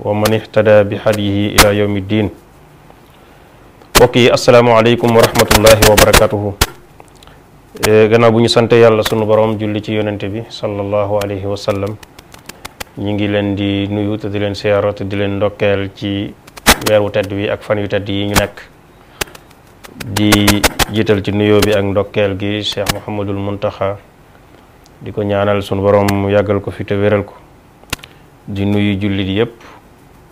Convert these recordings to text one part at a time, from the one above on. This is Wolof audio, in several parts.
wa man ihtada bi hadihi ila yawmi ddin mbokk yi asalaamaaleykum wa rahmatullahi wa barakatuhu eh, gannaaw bu ñu sante yàlla sunu boroom julli ci yonente bi sallallahu alayhi wa ñu ngi leen di nuyu te di leen siyaaro te di leen ndokkeel ci weer wu tedd bi ak fan yu tedd yi ñu nekk di jiital ci nuyoo bi ak ndokkeel gi Cheikh Mouhamadul Muntaxa di ko ñaanal sunu borom mu yàggal ko fi te wéral ko di nuyu jullit yépp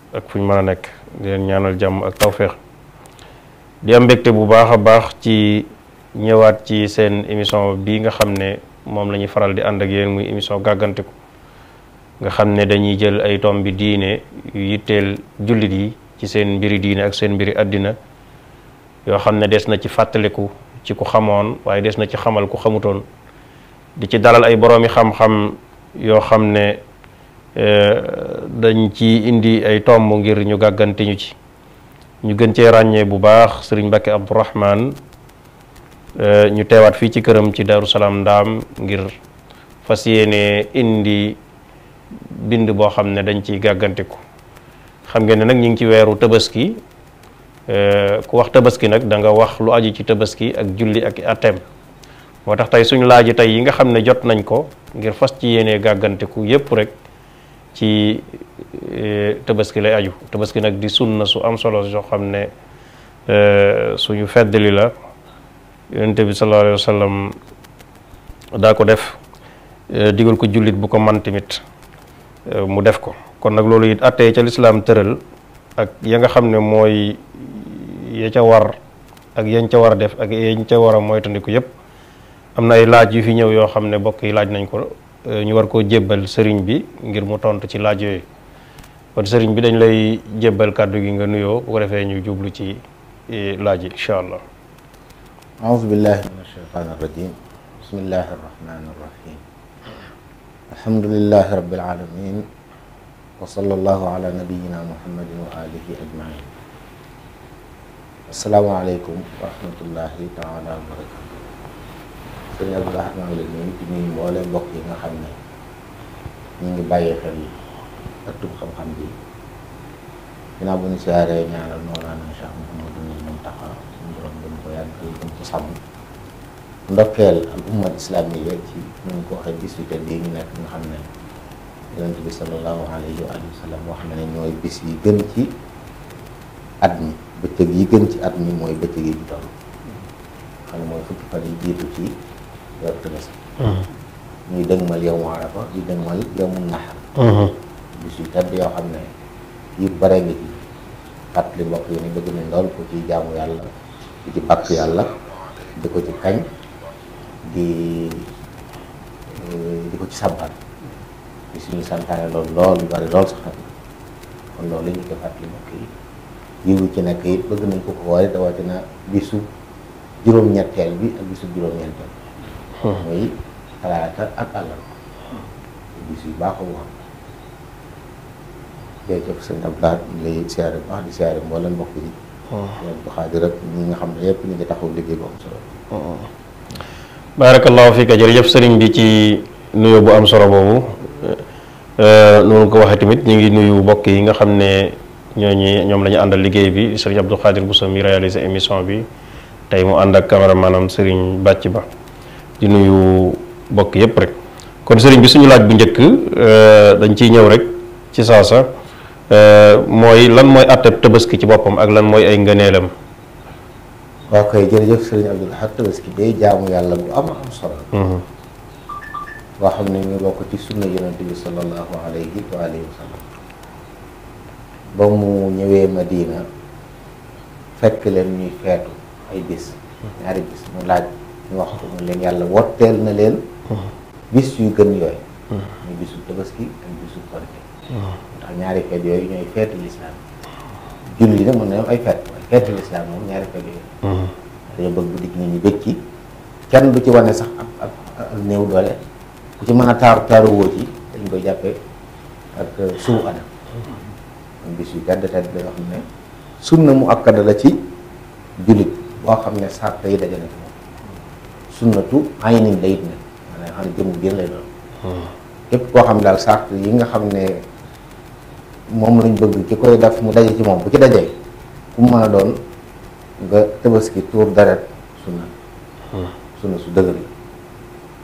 ak fu ñu mën a nekk ñaanal jàmm ak tawféex di am bu baax a baax ci ñëwaat ci seen émission bi nga xam ne moom la ñuy faral di ànd ak yéen muy émission gàggantiku nga xam ne dañuy jël ay tomb bi diine yu yitteel jullit yi ci seen mbiri diine ak seen mbiri àddina yoo xam ne des na ci fàttaliku ci ku xamoon waaye des na ci xamal ku xamutoon di ci dalal ay boroomi xam-xam yoo xam ne Eh, dañ ci indi ay tomb ngir ñu gàgganti ci ñu gën cee ràññee bu baax sëriñ Mbacke Abdourahman eh, ñu teewaat fii ci këram ci Daaru Salaam ndaam ngir fas yéene indi bind boo xam ne dañ ciy gàggantiku xam ngeen ne nag ñu ngi ci weeru tabaski eh, ku wax tabaski nag danga wax lu aju ci tabaski ak julli ak atem moo tax tey suñu laaj tey yi nga xam ne jot nañ ko ngir fas ci yéene gàggantiku yépp rek ci e, tabaski lay aju tabaski nag di sunna su am solo soo xam ne e, suñu feddali la yonente bi sallallahu alayhi wa sallam daa ko def e, digal ko jullit bu ko man tamit mu def ko kon nag loolu it attee ca lislaam tëral ak ya nga xam ne mooy ya ca war ak yañ ca war a def ak yañ ca war a moytandiku yépp am na ay laaj yu fi ñëw yoo xam ne bokk yi laaj nañ ko Euh, ñu war koo jébbal sëriñ bi ngir mu tontu ci laaj yooyu kon sëriñ bi dañ lay jébbal kàddu gi nga nuyoo bu ko ñu jublu ci eh, laaj yi incha allah aoudu billahi min ashaytaan arrajim bismillahi arrahmani arrahim alhamdulilahi rabbil alamin wa sallallahu ala nabiyina muhammadin wa alihi ajmain assalaamu aleykum wa rahmatullahi taala wa barakatu sëñ Abdou Rahman mbokk yi nga xam ne ñu ngi bàyyi xel yi ak tub xam-xam bi ginnaaw bu ñu siyaaree ñaanal Mawlana Cheikh Mouhamadou ni moom taxaw suñu borom gën ko yàgg gën ko sàmm ndokkeel ak ummat islamiya ci ñu ko waxee dix-huit bii nekk nga xam ne yonent bi sallallahu alayhi wa sallam wax na ne ñooy bis yi gën ci at mi bëccëg yi gën ci at mi mooy bëccëg yi ñu toll xam ne mooy fukki fan yi jiitu ci weeru tabaski ñuy dëgmal yow mu arafa di dëgmal yow mu naxar bis mm-hmm. yu tedd yoo xam ne yu bare ngi ci fàttali mbokk yi ni bëgg nañ lool ko ci jàmm yàlla di ci bàkk yàlla di ko ci kañ di eh, di ko ci sabbal di suñu santaane lool lool yu bari lool sax nag kon loolu ñu koy mbokk yi yiwu ci nekk it bëgg nañ ko ko woore te wàcc na bisu juróom-ñetteel bi ak bisu juróom-ñeenteel muy talaata ak àllarba bis yu baax a wax jërëjëf sëñ Abdoulaye ñu lay siyaare baax di siyaare mbokk yi hmm. leen ko xaadi xam ne yépp ñu ngi taxaw liggéey hmm. fiika jërëjëf sëriñ bi ci nuyu bu am solo boobu eh, eh, noonu ko waxee tamit ñu ngi nuyu mbokk yi nga xam ne ñooñu ñoom lañu ñu àndal liggéey bi sëriñ Abdou Khadir Bousso mi réalisé émission bi tey mu ànd ak caméra maanaam sëriñ bàcc ba di nuyu mbokk yëpp rek kon sëriñ bi suñu laaj bu njëkk euh, dañ ciy ñëw rek ci saasa euh, mooy lan mooy àttab tabaski ci boppam ak lan mooy ay ngëneelam. waa koy jërëjëf sëriñ Abdul Ahad tabaski day jaamu yàlla bu am am solo. boo mhm. xam ne ñu bokk ci sunna di bi sallallahu alayhi wa alihi ba mu ñëwee Madina fekk leen ñuy feetu ay bis ñaari bis mu laaj. ñu wax mu leen yàlla wotteel na leen mhm. bis yu gën yooyu ñu mhm. bisu tabaski ak bisu korite mhm. ndax ñaari feet yooyu ñooy feetu lislaam julli nag mën na ay feet waaye moom ñaari feet yooyu bëgg bu digg nit ñi bëcc kenn bu ci wane sax ak ak néew doole ku ci mën a taaru taaru woo ci dañ koy jàppee ak euh, suuf ana bis yu gàdd tedd la xam ne sunna mu akkada la ci jullit boo xam ne sàrt yi dajale ko sunnatu aynin la it ne maanaam xam ne jëmm biir lay doon képp koo xam daal sart yi nga xam ne moom lañ bëgg ki koy def mu daje ci moom bu ci dajee ku mën a doon nga tabaski tuur deret sunna sunna su dëgër la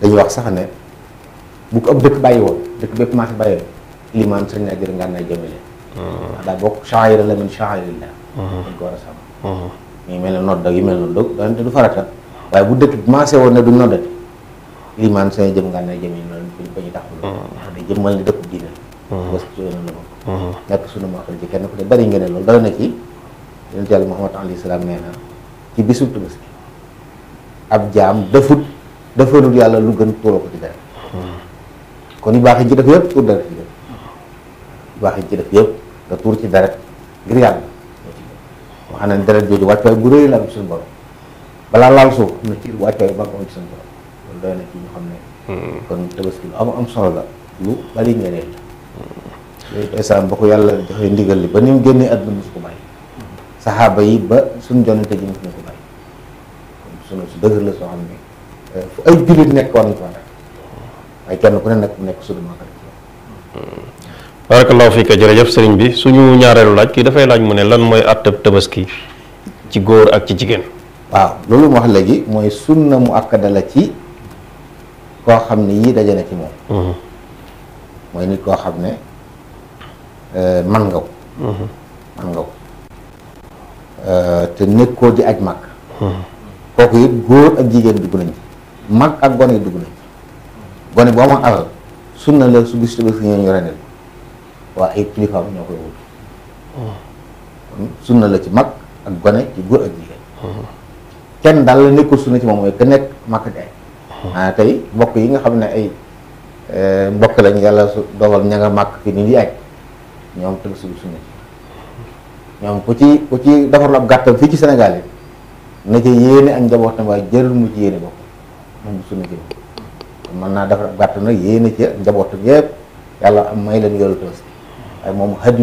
dañuy wax sax ne bu ko ab dëkk bàyyi woon dëkk bépp maa fi bàyyi woon limaan sëriñ naa jër ngaan nay jëmale ndax daa bokk shaayira la min shaayirillah dañ ko war a sàmm ñu mel ne nodd ak yu mel noonu dog doonte du farata waaye bu dëkk commencé woon ne du noddati limaan sooy jëm nga ne jëmee noonu fi ñu ko ñu tax mm-hmm. day jëmmal ne dëkk diine mm-hmm. bés la mm-hmm. nekk sunu ma xam ci kenn ku ne bari nga loolu doy na ci yonent Muhammad alayhi salaam nee ci bisu Tabaski ab jaam defut defanul yàlla lu gën tuuroo ko ci dara kon yu baax yi ci def yëpp tuur dara yi yëpp nga ci dara ngir yàlla wax na deret jooju wàccuwaay bu rëy la am suñu borom balaa laal suuf na ci am xam ne. Hmm. kon tabaski solo la lu bari nga leen. yooyu ndeysaan ba ko yàlla joxe ndigal li ba ni mu génnee àdduna musu ko bàyyi. saxaaba yi ba suñu jonante ji musuñu ko bàyyi su dëgër la soo xam ne euh, fu ay jullit nekk war nañu ko waaye kenn ku ne nag nekk suñu magal. Hmm. barakallahu fiika jërëjëf sëriñ bi suñu ñaareelu laaj kii dafay laaj mu ne lan mooy àtteb tabaski ci góor ak ci jigéen. waaw loolu mu wax léegi mooy sunna mu akkada la ci koo xam ne yii daje na ci moom mm-hmm. mooy nit koo xam ne euh, man ngaw mm-hmm. man ngaw euh, te nekkoo di ak mag mm-hmm. kooku yëpp góor ak jigéen dugg nañ mag ak gone dugg nañ gone boo ma alal sunna la su bis tëbësi ñooñu yore nel waa ay kilifaam ñoo koy wut sunna la ci mag ak gone ci góor ak jigéen kenn dal la nekkul sunna ci moom mooy ku nekk Màkka jaay ah. ah tey mbokk yi nga xam ne ay eh, mbokk lañ yàlla su dogal ña màkk fi ni di aj ñoom tënk suñu ku ci ku ci defarul ab fii ci Sénégal na ci yéene ak njabootam mu ci yéene bopp moom mën naa defar ab nag yéene ci njabootam yëpp yàlla am may leen yoolu tënk moom xaj bi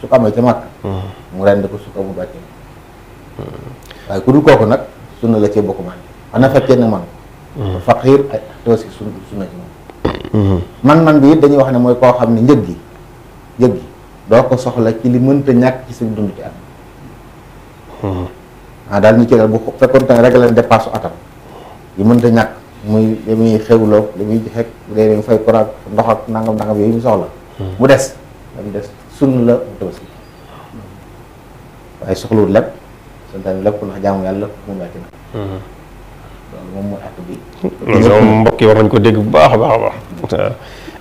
su ko amee ca màkk ah. mu rend ko su ko amul bàcce hmm. waaye ku dul kooku nag sunna la cee bokk man ana fekkee ne man mm-hmm. faqiir ak toosi sunna ci moom man-man mm-hmm. bi it dañuy wax ne mooy koo xam ne njëg gi njëg gi doo ko soxla ci li mënta ñàkk ci suñ dund ci at mm-hmm. ah daal ñu ci daal bu atam yi mënta ñàkk muy li muy xewloo li muy xeek léeg-léeg fay koraak ndox ak nangam nangam yooyu ñu soxla mu des damu des sunn la mu tabaski waaye soxlawul lépp santaane lépp ndax jaamu yàlla moom laajte na. Mhm. loolu moom war nañu ko dégg bu baax a baax a baax. waaw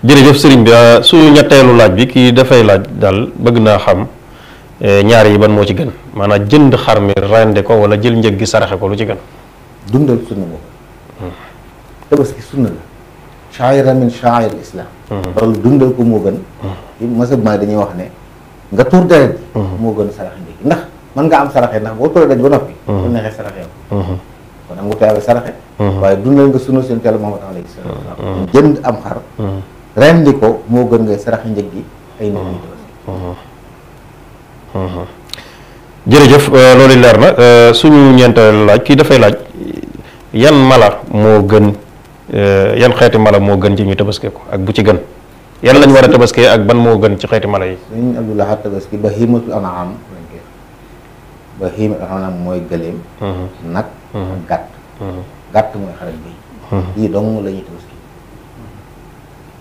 jërëjëf sëriñ bi ah, suñu ñetteelu laaj bi kii dafay laaj daal bëgg naa xam e, ñaar yi ban moo ci gën maanaam jënd xar mi rende ko wala jël njëg gi saraxe ko lu ci gën. dundal sunna boobu. Mhm. tabaski sunna la. shaa'ira min shaa'iril islam. Mhm. loolu dundal ko moo gën. masab ma dañuy wax ne nga tuur deret. moo gën sarax njëg ndax. mën nga am saraxe ndax boo tollee daj ba noppi. bu neexee saraxe yow. kon am nga saraxe. waaye dundal nga sunu seen teel moom tax léegi. jënd am xar. rendi ko moo gën ngay saraxe njëg gi ay nit ñi jërëjëf euh, loolu leer na euh, suñu ñeenteel laaj kii dafay laaj yan mala moo gën euh, yan xeeti mala moo gën ci ñu tabaskee ko ak bu ci gën. yan lañ war a tabaskee ak ban moo gën ci xeeti mala yi. sëñ Abdou Lahad tabaski bahimatul an'am ba mooy gëléem mhm. nag mhm. gàtt mhm. gàtt mooy xarit bi lii dong la ñuy tabaski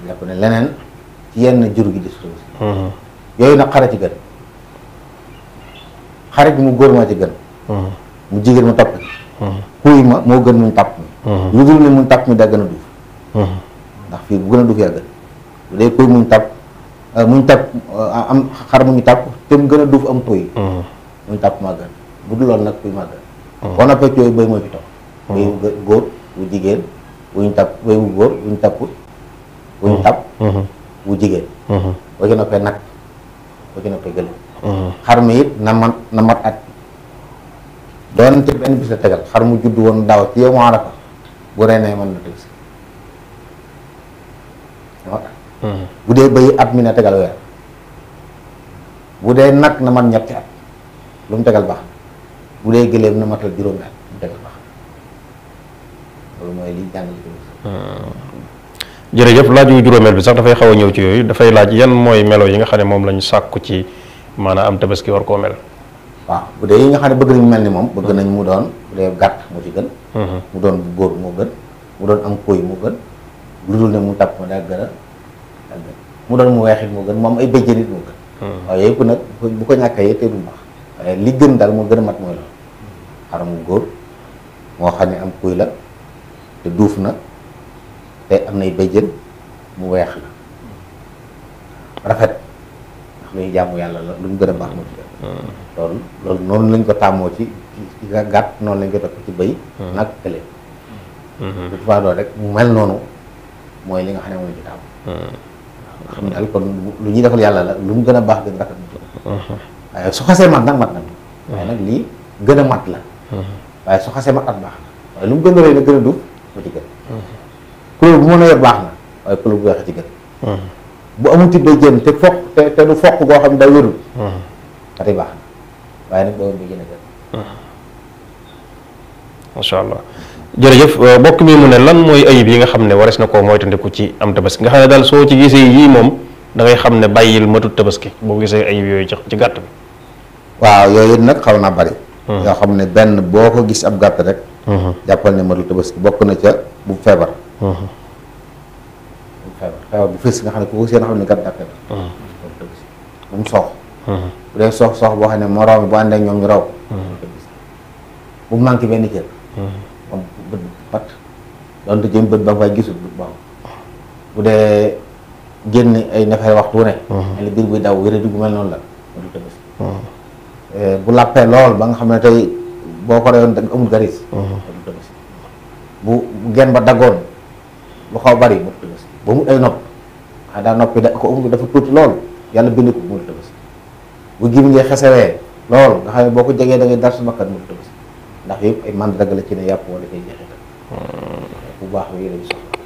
lépp ne leneen ci yenn jur gi di su tabaski yooyu nag xara ci gën xarit bi mu góor moo ci gën mu jigéen mu topp ci kuuy ma moo gën muñ tàpp mu lu dul ne muñ tàpp mi daa gën a duuf ndax fii bu gën a duuf yaa gën bu dee kuuy muñ tàpp euh, muñ tàpp euh, am xar muñu tàpp te mu gën a duuf am kuuy muy tàpp màggal bu dul loolu nag kuy màggal. Hmm. boo noppee ci yooyu hmm. bu góor bu jigéen bu bu góor hmm. bu ñu tàpp bu ñu nag benn bis mu judd woon daaw ci yow mu arafa bu na teg si dee bëy at mi na tegal weer bu dee nag na man ñetti at lu mu tegal baax bu dee gëléem na matal juróomi at lu loolu mooy li jàng ah. jërëjëf laaj yu juróomeel bi sax dafay xaw a ñëw ci yooyu dafay laaj yan mooy melo yi nga xam ne moom lañu sàkku ci maanaam am tabaski war koo mel waaw bu dee yi nga xam ne bëgg nañu mel ni moom bëgg hmm. nañ mu doon bu dee gàtt moo ci gën hmm. mu doon bu góor moo gën mu doon am kóoy moo gën lu dul ne mu tàpp ma daal gën mu doon mu weexit moo gën mu am ay béjjën it moo gën hmm. waaw yëpp nag bu ko waaye eh, li gën daal moo gën a mat mooy loolu xaramu góor moo xam ne am kuy la te duuf na te am nay béjjën mu weex la rafet ndax luy jàmm yàlla la lu mu gën a baax mu hmm. loolu loolu noonu lañ ko tàmmoo ci ci noonu lañ ko ci bëy hmm. nag kële hmm. rek mu mel noonu mooy li nga xam ne moom daal kon lu ñuy defal yàlla la lu mu gën a baax gën rafet mu su xasee mat nag mat na hmm. waaye nag lii gën a mat la hmm. waaye su xasee mat at baax na waaye lu mu gën a rëy nag gën a duuf moo ci gën couleur hmm. bu mën a yor baax na waaye couleur bu weex a ci gën bu amul ti goo xam ne day wérul baax na waaye nag boobu bi gën a gën macha allah jërëjëf euh, mbokk mi mu ne lan mooy ayib yi nga xam ne warees na koo moytandiku ci am tabaski nga xam ne daal soo ci gisee yii moom dangay xam ne bàyyil matut tabaski boo gisee ayib yooyu ci gàtt bi waaw yooyu nag xaw naa bari hmm. yoo xam ne benn boo ko gis ab gàtt rek hmm. jàppal ne matul tabaski bokk na ca bu hmm. feebar bu fës nga xam ne ku ko seen xam ne gàtt daa feebar bu mu soox boo xam ne moo raw mi bu ànd ak ñoom ñu raw bu mu manqué benn cër bu dee génn ay nefere waxtu ne mel biir buy daw wéra di mel noonu la bu làppee lool ba nga xam ne tey boo ko reyoon da amul garis bu genn ba daggoon lu xaw bari ba mu ay nopp xanaa daa noppi da ko um dafa tuuti lool yàlla bind ko bu gim ngee xesewee lool nga xam ne boo ko jegee da ngay dar su bakkan mu la tëbës ndax yëpp ay la ci ne yàpp wala cay jeexital bu baax yooyu lañ soxla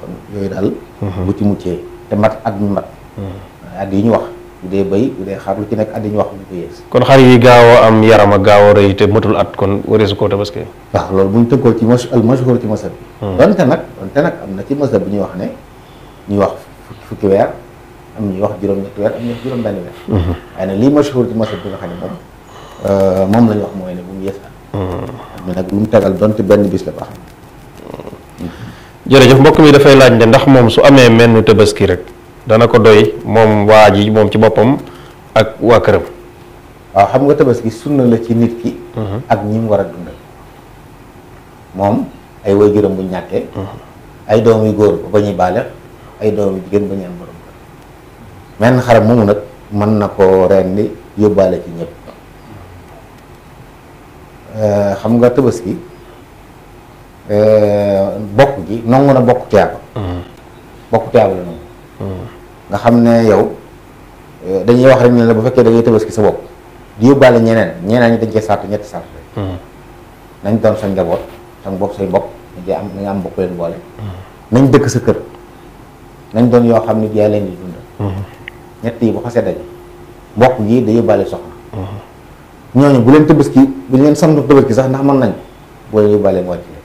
kon yooyu daal mm-hmm. bu ci muccee te mat at mi mat mm-hmm. at yi ñu wax bu dee bëy bu dee xar lu ci nekk at yi ñu wax ko yées kon xar yi gaaw am yaram a gaaw a rëy te matul at kon wareesu koo tabaski waaw loolu bu ñu tëggoo ci mas al mashhur ci masab bi hmm. nag donte nag am na ci masab bi ñuy wax ne ñuy wax fukki wax juróom-ñetti weer am hmm. lii mashhur ci masab bi nga xam ne moom euh, moom la ñu wax mooy ne bu mu yées at mais hmm. nag lu mu tegal donte benn bis la baax jërëjëf mbokk mi dafay laaj ne ndax moom su amee mennu tabaski rek dana ko doy moom waa ji moom ci boppam ak waa këram. waaw xam nga tabaski sunna la ci nit ki. Mhm. ak ñi war a dundal. moom ay waajuram bu ñàkkee. Mhm. ay doom yu góor ba ñuy baale ay doom yu gën ba ñu am borom menn xaram moomu nag mën na koo rendi yóbbaale ci ñëpp. Euh, xam nga tabaski euh, bokk gi nangu na bokk tiyaaba. Mhm. bokk tiyaaba la nangu. nga xam ne yow eh, dañuy wax rek ne la bu fekkee da ngay tabaski sa bopp di yóbbaale ñeneen ñeneen ñi dañ cee sartu ñetti sartu hmm. nañ doon sa njaboot sa bopp say bopp di am nga am boole hmm. nañ dëkk sa kër nañ doon yoo xam ne yaa leen di dund hmm. ñett yi bu xasee dañ mbokk yi da yóbbaale soxna ñooñu bu leen tabaski bu leen sant tabaski sax ndax man nañ boo yóbbaale mooy ci leen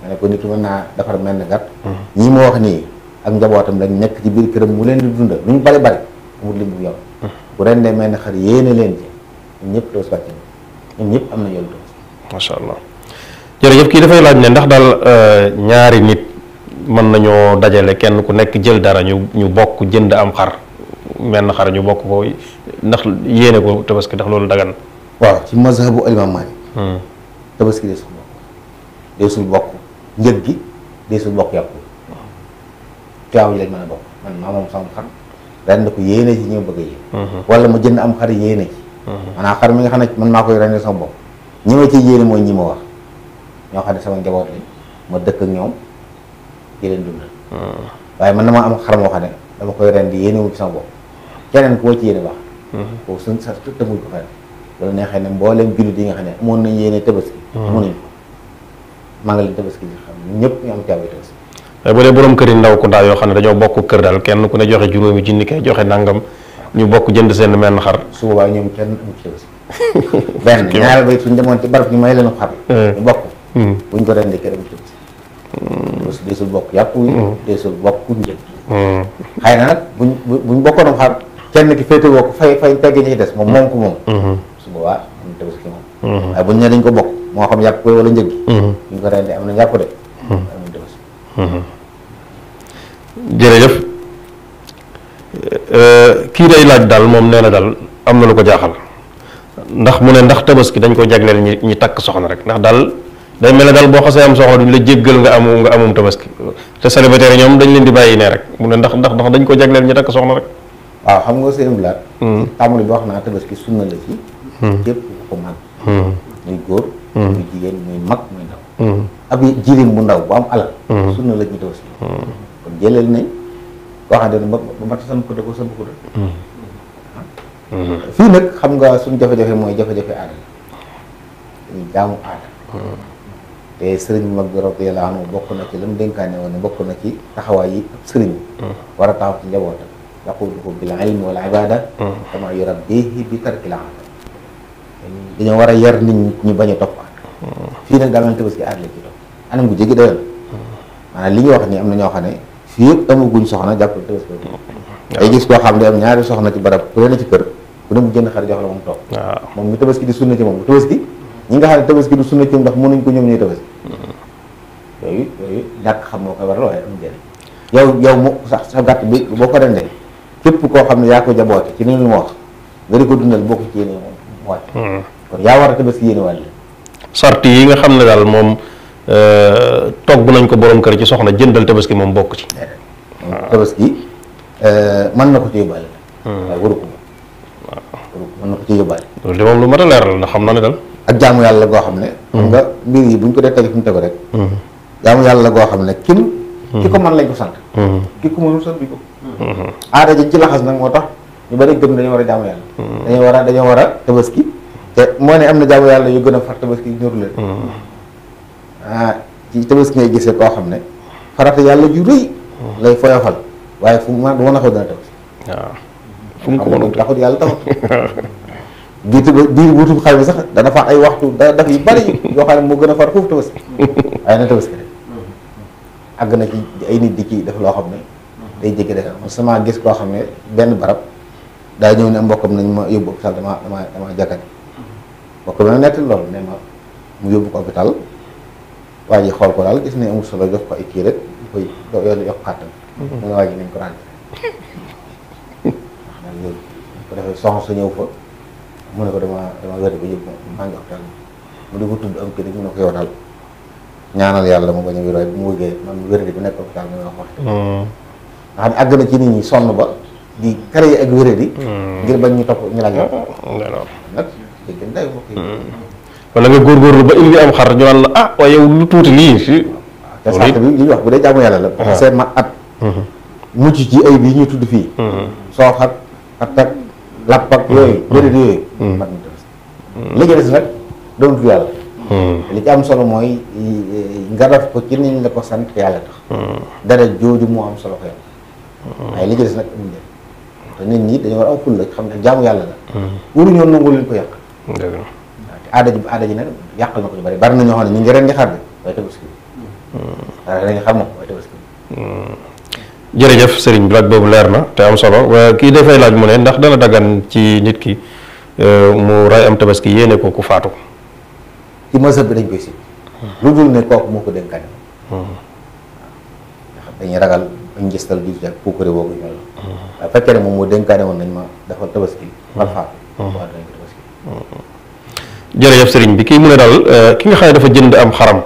ma ne nit mën naa defar mel ni gat ñi ma wax nii ak njabootam lañ nekk ci biir këram mu leen di dundal lu ñu bari bari amul lim bu yow bu ren dee may xar yéene leen ci ñun ñëpp doos wàcc ñun am na yoon macha allah jërëjëf kii dafay laaj ne ndax daal euh, ñaari nit mën nañoo dajale kenn ku nekk jël dara ñu ñu bokk jënd am xar menn xar ñu bokk ko ndax yéene ko tabaski ndax loolu dagan waaw ci mazhabu alimam Maalik hmm. tabaski dee suñu dee suñu bokk njëg gi dee suñu bokk yàpp Tiwaawan ji lañ mën a bokk man maa moom sama xar rend ko yéene ci ñëw bëgg a yéen mhm. wala mu jënd am xar yéene ci mhm. mi nga xam ne man maa ko rende sama bopp ñi ma ciy yéene mooy ñi ma wax ñoo xam ne sama njaboot li ma dëkk ak ñoom di leen dund mhm. waaye man dama am xar moo xam ne dama koy rendi yéene wu ci sama bopp keneen koo ci yéene baax kooku suñ sa tëmuñ ko fenn loolu neexee ne mbooleem jullit yi nga xam ne amoon nañ yéene tabaski amoon nañ ko maa ngi leen tabaski ñi ñëpp ñu am caabi Eh, bu dee borom kër yi ndaw ku ndaw yoo xam ne dañoo bokk kër daal kenn ku ne joxe juróomi junni kay joxe nangam ñu bokk jënd seen menn xar. su boobaa ñoom kenn du ci des. benn demoon ci barab ñu may leen xar. Eh. bokk. Hmm. buñ ko rendee kër ci hmm. des. bokk yàpp hmm. bokk njëg. na nag buñ buñ bokkoon kenn ki féetewoo ko fay fay tegg des moom moom ko moom. su boobaa am ko bokk moo xam yàpp koy wala njëg. buñ ko rendee am na yàpp de. jërëjëf euh, kii day laaj daal moom nee na daal am na lu ko jaaxal ndax mu ne ndax tabaski dañ ko jagleel ñi ñi takk soxna rek ndax daal day mel ne daal boo xasee am soxna duñ la jéggal nga amu nga amum tabaski te célibataire ñoom dañ leen di bàyyi ne rek mu ne ndax ndax ndax dañ ko jagleel ñi takk soxna rek. waaw xam nga seen blaat. Hmm. naa tabaski sunna la ci. Hmm. Hmm. muy góor. muy jigéen muy mag muy ndaw. ab jëlin bu ndaw bu am alal. Mm-hmm. sunna la ñuy tabaski. kon jëleel nañ koo xam ne ba ba mat sën ko dëkk sën ko dëkk. Mm-hmm. fii nag xam nga suñu jafe-jafe mooy jafe-jafe aada la dañuy jaamu aada. Mm-hmm. te sëriñ mag bi radiyallahu anhu bokk na ci lam dénkaane woon ne bokk na ci taxawaay yi ab sëriñ. war a taxaw ci njabootam. yaquduhu bil ilmi wal ibada. kama yurabbihi dañoo war a yar nit ñi bañ a topp aada. fii nag daal man tabaski aada ci anam gu jéggi dayal maanaam li ñuy wax nii am na ñoo xam ne fii yëpp amaguñ soxna jàppal tëbës ay gis koo xam ne ñaari soxna ci barab ku ne ci kër ku ne mu jënd xar jox la moom toog moom mi tabaski di sunna ci moom tabaski ñi nga xam ne tabaski du sunna ci moom ndax mënuñ ko ñoom ñuy tabaski xam moo koy waral sax sa gàtt bi boo ko rendee képp koo xam ne yaa ko jaboot ci ni lu ko dundal boo ko ci hmm. yéene a tabaski yi nga xam ne daal moom Euh, togg nañ ko borom kër ci soxna jëndal tabaski moom bokk ci. waaw eh, tabaski euh, man na ko ci yóbbaale. Hmm. waaw waru ko mën na ko ci yóbbaale. loolu de lu mat a leeral ndax xam na ne daal. ak jaamu yàlla goo xam ne. xam nga hmm. mbir ko dee fi mu rek. Hmm. jaamu yàlla goo xam ne kim. ki ko man lañ ko sant. ki ko mënul sant ko. aada ji ci laxas nag moo tax ñu bari gëm war a jaamu yàlla. dañoo war a dañoo war a te moo ne am na jaamu yàlla yu gën a far tabaski ñor leen. ah ci tabaski ngay gisee koo xam ne farata yàlla ju rëy lay foyofal waaye fu mu ma du ma naxu dana tabaski ah, waaw fu mu bi sax dana fa ay waxtu da yu bari yoo xam ne moo gën a far foofu tabaski na nit di ci def loo xam ne day jéggi defal sama gis koo xam ne benn barab daa ñëw ne mbokkam nañ ma yóbbu hôpital dama dama dama jàkkati mbokk bi ma ne ma mu yóbbu ko hôpital waa ji xool ko daal gis ne amul solo jox ko ay kii rek koy yoolu yokk kàttan mu mhm. ne waa ji nañ ko ràññee defee soxna sa ñëw ne ko dama dama wér ba yëpp maa ngi hôpital mu di ko ko yow daal ñaanal yàlla mu bañ a wér mu wëggee man wér di nekk hôpital mu ne ko wax xam ne àgg na ci nit ñi sonn ba di créer ak wéré mhm. ngir bañ ñu topp ñu laaj nag dégg nga yi wala nga góorgóorlu ba indi am xar ñu naan ah waaye lu tuuti lii. te bi li ñu wax bu dee jaamu yàlla la. waaw ah. seen ma at. Mhm. mucc ci ay bi ñu tudd fii. Mhm. soox ak at ak lapp ak yooyu. Mhm. bëri na yooyu. li ci des nag doonul yàlla. li ci am solo mooy nga def ko ci niñ la ko sant yàlla tax. dara jooju moo am solo ko yàlla. waaye li ci des nag nit ñi dañu war a am la xam ne jaamu yàlla la. waruñoo nangu leen ko yàq. aada ji aada ji nag yàqal na ko ñu bari bari na ñoo xam ne ñu ngi ren di xar bi waaye tabaski hmm. waaye ren di xar moom waaye tabaski hmm. jërëjëf sëriñ bi boobu leer na te am solo kii dafay laaj mu ne ndax dana daggan ci nit ki euh, mu ray am tabaski yéene ko ku faatu ci mazhab bi dañ koy si hmm. lu dul ne kooku moo ko dénkaane waaw dañuy ragal bañ gistal di ak puukare boobu ñoo la waaye fekkee ne moo dénkaane woon nañ ma defal tabaski man jërëjëf sëriñ bi kii mu ne daal euh, ki nga xam ne dafa jënd am xaram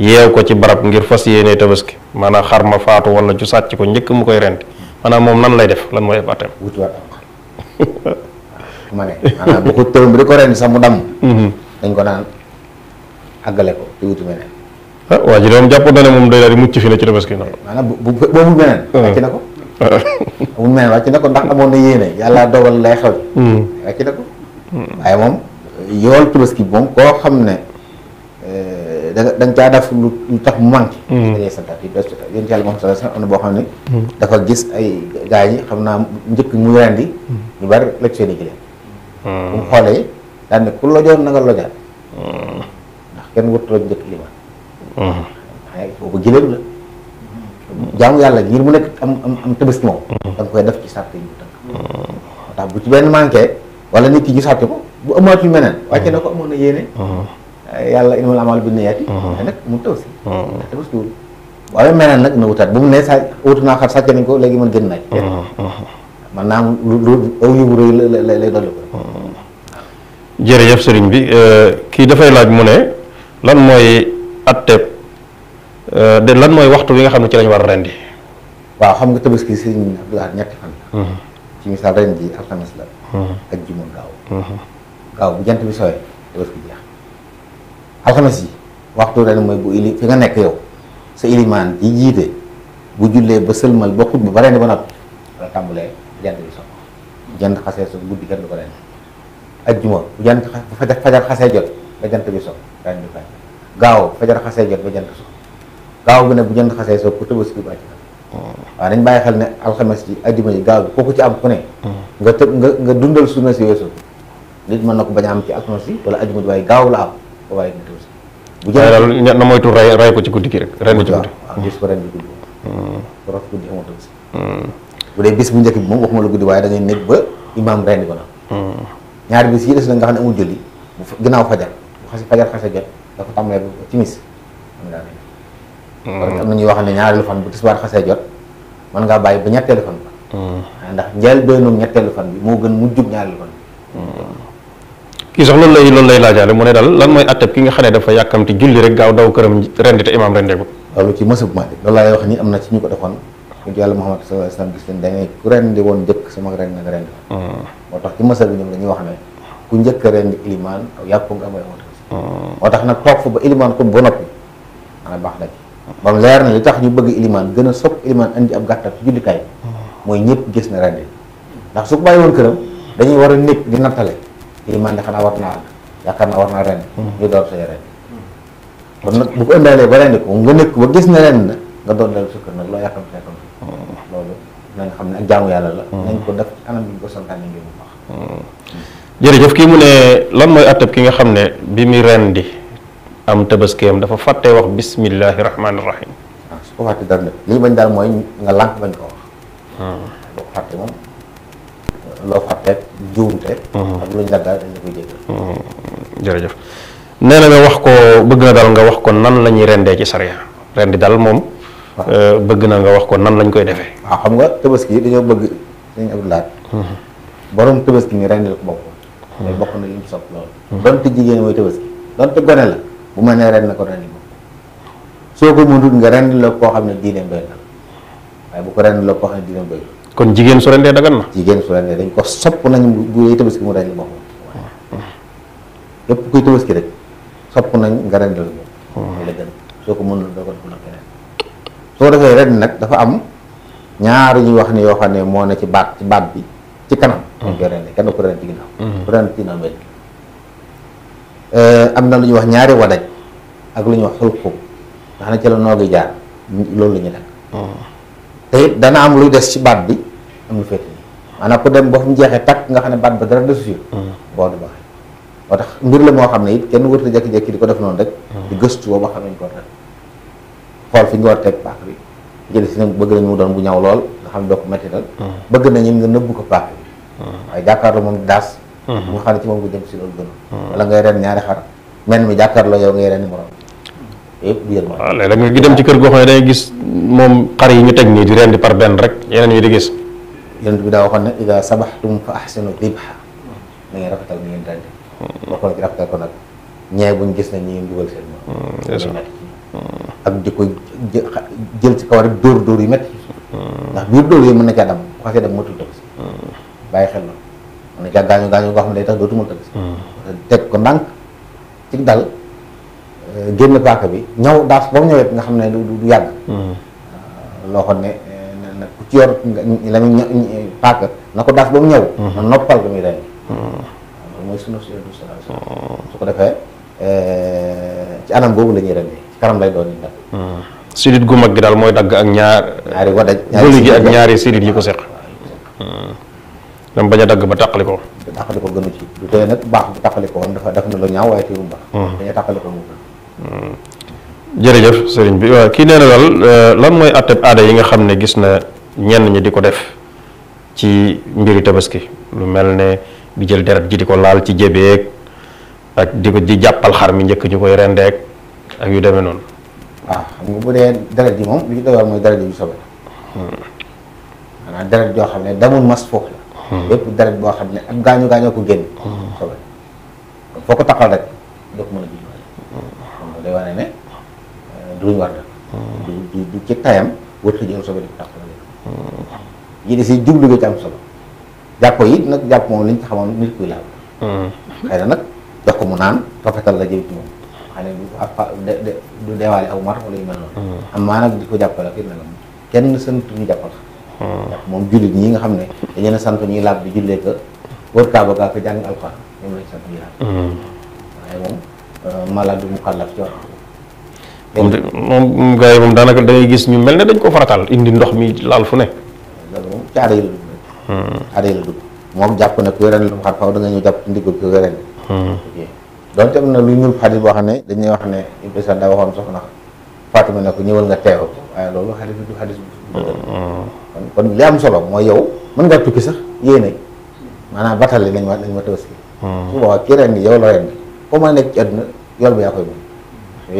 yeew ko ci barab ngir fas yéene tabaski maanaam xar ma faatu wala ju sàcc ko njëkk mu koy rent maanaam moom nan lay def lan mooy atem wutiwaat am xar ko tëram bi di ko rent sax mu dam mm-hmm. dañ ko naan àggale ko di wuti meneen ah, waa ji moom ne moom day daal di mucc fi ne ci tabaski na man bu bu amul meneen ah. wàcc na ko ah. na ko ndax amoon na yéene yàlla dogal lay xew mm. wàcc mm. waaye moom yool tabaski moom koo xam ne eh, da nga da nga caa def lu lu tax mu manqué. da ngay santaat yéen ci yàlla sax am na boo xam ne. Mm. dafa gis ay gaa yi xam naa njëkk mu rendi mm. ñu bari laaj seen i jëlee. Mm. bu mu xoolee daan ne ku lojoon na nga lojaat. ndax kenn wut boobu jëleem la. jaamu yàlla ngir mu nekk am am am tabaski moom. da koy def ci sart yi mu tënk. bu ci benn manqué. wala nit ki gisaat ko bu amaatul meneen mm-hmm. wàcce na ko amoon na yéene mm-hmm. yàlla innamal a'maalu binniyaati waaye nag mu taw si ndax dafa suul meneen nag na wutaat ne sa wutu naa xar ko léegi mën génn naaj mm-hmm. man naa am lu aw yiwu rëy la lay dolli ko jërëjëf sëriñ bi euh, kii dafay laaj mu ne lan mooy atteb euh, de lan mooy waxtu bi nga xam ne ci lañ war a rendi waaw xam nga tabaski sëriñ Abdoulaye ñetti fan la ak ji moom gaaw uh-huh. gaaw bu jant bi sooy dafa ko jeex alxames yi waxtu ren mooy bu ili fi nga nekk yow sa ilimaan yi jiite bu jullee ba sëlmal ba xutba ba rendi ba noppi la tàmbalee jant bi so jant xasee so guddi kenn du ko rendi ajjuma bu jant xasee bi so rendi bi gaaw fajar xasee jot ba jant so gaaw bi nag bu jant xasee so ku tëbaski bàcc waaw dañ bàyyi xel ne alxames ji ajjuma ji gaaw bi kooku ci am ku ne nga tëb nga nga dundal sunna si weesu nit mën na ko bañ a am ci alxames si wala ajjuma ji waaye gaaw la am ko waaye nit aussi bu jëlee daal na moytu ray ray ko ci guddi gi rek ren ko ci guddi gis ko ren bi guddi hmm. ko raf guddi amatul si hmm. bu dee bis bu njëkk bi moom waxuma la guddi waaye da ngay nekk ba imaam ren ko na hmm. ñaari bis yi des na nga xam ne amul julli bu ginnaaw fajar bu xasi fajar xase jot da ko tàmmalee ba timis am kon am na ñuy wax ne ñaareelu fan bu tisbaar xasee jot mën ngaa bàyyi ba ñetteelu fan ba hmm. ndax njël beenum ñetteelu fan bi moo gën mujjub ñaareelu fan hmm. kii sax loolu lay loolu lay laajaale mu ne daal lan mooy atteb ki nga xam ne dafa yàkkamti julli rek gaaw daw këram rendi te imaam rendeegut loolu ci mësa bu ma loolu lay wax ni am na ci ñu ko defoon ñu jàll Muhammad sallallahu alayhi wasallam gis leen dañuy ku rendi woon njëkk sama rendi nga rendi hmm. moo tax ci mësa bi dañuy wax ne ku njëkk rendi ilimaan aw yàpp nga nag toog fa ba ilimaan ko ba noppi maanaam baax na ba leer na li tax ñu bëgg ilimaan gën a sopp ilimaan indi ab gàttal jullikaay mooy ñëpp gis na rendi ndax su ko bàyyi woon këram dañuy war a nekk di nattale ilimaan de xanaa war naa ànd yaakaar naa naa rendi ñu nag bu ko ëndaalee ba rendi ko nga gis na rendi nga doon dellu nag loo yàkkam loolu nañ xam ne ak jaamu yàlla la nañ ko def ci anam bi ñu ko santaane ngir mu baax jërëjëf kii mu ne lan mooy attab ki nga xam ne bi muy rendi am tabaskiyam dafa fàtte wax bismillahi rahmaani rahim. waaw ah, su ko fàtte dara li ñu bañ mooy nga lànk bañ ko hmm. ak hmm. lu ñu la hmm. nee na nga wax ko bëgg na daal nga wax ko nan la ñuy rendee ci sariya rendi dal moom. Euh, bëgg na nga wax ko nan lañ koy defee. waa xam nga tabaski dañoo bëgg dañu ab laaj. borom tabaski ni rendil bokk na jigéen mooy tabaski donte gone la. bu ma nee ren na ko rendi moom soo ko mënut nga rendi la koo xam ne diine mbéy na bu ko rendi la koo xam ne diine kon jigéen su rendee dagan na. jigéen su rendee dañ ko sopp nañ bu yee tabaski mu rendi moom lépp kuy tabaski rek sopp nañ nga la hmm. soo ko mënul dogal ko la keneen soo defee ren nag dafa am ñaar ñuy wax ne yoo xam ne moo ne ci baat ci baat bi ci kanam. Hmm. dañ koy kenn ku ren ci ginnaaw. Hmm. ku ren ci Euh, am na lu ñuy wax ñaari wadaj ak lu ñuy wax xulqu nga xam ne ci la jaar loolu la ñu hmm. te dana am luy des ci baat bi am lu féete nii maanaam ku dem boo fi mu jeexee takk nga xam ne baat ba dara desu si hmm. boo du baax moo tax mbir la moo xam ne it kenn wërta jékki-jékki di ko def noonu rek hmm. di gëstu woo ba xam fi ñu war a teg paak bi jël bëgg nañ mu doon bu ñaw lool nga xam ne doo ko métti dal bëgg nañu moom daas ñu xam ne ci moom nga jëm si loolu gën mhm. wala ngay ren ñaari xar mel mi jàkkaarloo yow ngay ren morom yëpp bu yërma waaw léeg ci kër goo xam ne day gis moom xar yi ñu teg nii di ren di par benn rek yeneen yi di gis yonent bi daa waxoon ne ida sabaxtum fa ahsinu dibha na ngeen rafetal mhm. buñ gis na ñi ngeen dugal seen moom mhm. ak di ko jël ci kaw rek dóor dóor yu métti ndax biir dóor yooyu mën na caa dem bu xasee dem matul dëgg bàyyi xel loolu am na gaañu gaañu nga xam ne day tax dootu a tëdd hmm. teg ko ndànk ci dal euh, génn paaka bi ñaw daaf ba mu ñëwee nga xam ne du yàgg hmm. euh, loo xam ne euh, nag ku ci yor paaka na ko daaf ba mu ñëw hmm. noppal ba muy rey loolu mooy sunu su ko defee ci anam boobu lañuy ñuy rendi ci kanam lay doon ñu def sidit gu mag gi daal mooy dagg ak ñaar ñaari wadaj gi ak ñaari sidit yi ko seq dama bañ a dagg ba taqali ko. ba taqali ko gënu ci lu tee nag baax bu taqali ko woon dafa def lu ñaaw waaye teewul baax. bañ hmm. a taqali ko moom. jërëjëf sëriñ bi waaw kii nee na daal euh, lan mooy atteb yi nga xam ne gis na ñenn ñi di ko def ci mbiri tabaski lu mel ne di jël deret ji di ko laal ci jébeeg ak di ko jàppal xar mi njëkk ñu koy rendeeg ak yu demee noonu. waaw ah, xam nga bu hmm. xam ne damu mas foofu bépp hmm. deret boo xam ne ak gaañu gaañoo ko génn hmm. sobe ko taxal rek doo ko mën a juñ hmm. day wane ne euh, du luñ war def du du ci tayam yi si jublu nga am solo yi nag jàpp moom liñ ci xamoon nit kuy laal xëy nag jox ko mu naan rafetal la jëm ci moom xam ne du deewaale aw mar wala yu mel noonu am maa nag di ko jàppale ak yu mel noonu kenn sant ñu jàppal ndax moom jullit ñi nga xam ne dañu leen sant ñuy laab laal bi ka wër kaaba gaa ko jàng alxuraan ñoom hmm. moom euh, malade du mukallaf ci wax moom yi moom daanaka da gis ñu mel ne dañ ko farataal indi ndox mi laal fu ne loolu moom ci hmm. jàpp na ku yoren lu mu xat faw da nga ñëw jàpp ci ndigal ku hmm. yoren donte am na lu ñuul xadis boo xam ne dañuy wax ne Ibrahima daa waxoon soxna Fatima ne ko ñëwal nga teew waaye loolu xadis bi du xadis bi kon li am solo mooy yow mën ngaa tukki sax yéene maanaam batale nañ ma nañ ma tabaski. Hmm. su boobaa kii ren yow la ren foo mën a nekk ci àdduna yool bi yaa koy hmm.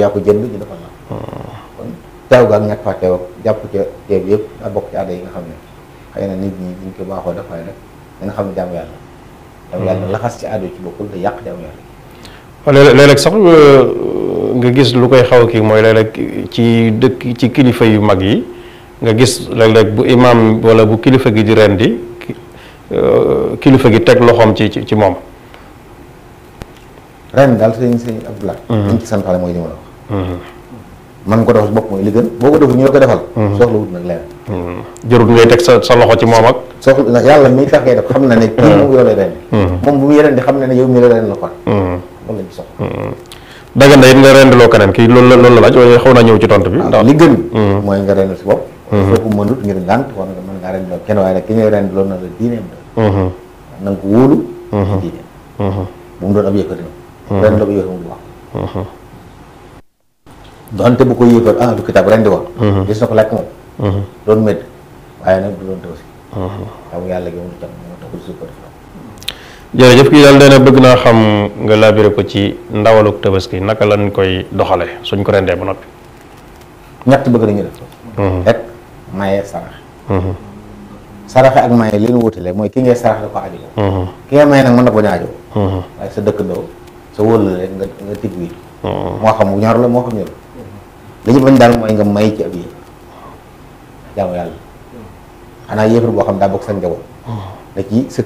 jàpp yëpp daa bokk ci aada yi nga xëy na nit ñi dañ xam ne jaamu yàlla. Hmm. laxas ci aada ci yàq jaamu yàlla. léeg euh, gis lu koy xaw kii mooy léeg ci dëkk ci kilifa yu mag yi. nga gis léeg-léeg bu imaam wala bu kilifa gi di ren di euh, kilifa gi teg loxoom ci ci moom. ren daal sëñ sëñ Abdoulaye. Mhm. liñ ci la wax. Mhm. man ko defal bopp mooy li gën boo ko defal ñu la ko defal. Mhm. soxla wut nag leneen. jarul ngay teg sa sa loxo ci moom ak. soxla ndax yàlla mi tax ngay def xam na ni kii moom yoo lay ren. moom bu muy ren di xam na ne yow mi la ren loolu lañ ci soxla. dagg na it nga rendloo keneen kii loolu la loolu la laaj waaye xaw naa ñëw ci tontu bi. ndax li gën. mooy nga rendal si bopp. soo ko mënut ngir ngànt war waaye nag ki ngay rendiloo na la diineem la mhm. na nga ko wóolu mhm. mhm. bu mu doon ab yëkkati ko yëkkati mu wax doonte bu ko yëkkati ah du kitaab rendi woon gis na ko lekk moom doon médd waaye nag du doon taw si xam def kii daal dana bëgg naa xam nga labiré ko ci ndawaluk tabaski naka lañ koy doxale suñ ko rendee ba noppi ñett bëgg nañu def maye sarax mhm. saraxe ak maye li ñu wutale mooy kii ngay sarax da ko aajowoo mhm. ki ngay maye nag mën na ko ñaajoo mhm. waaye sa dëkkandoo sa wóolu nga nga tig moo xam ñor la moo xam ñor li daal mooy nga may ci ab yi jaamu yàlla xam daa bokk sa njaboot da ci sa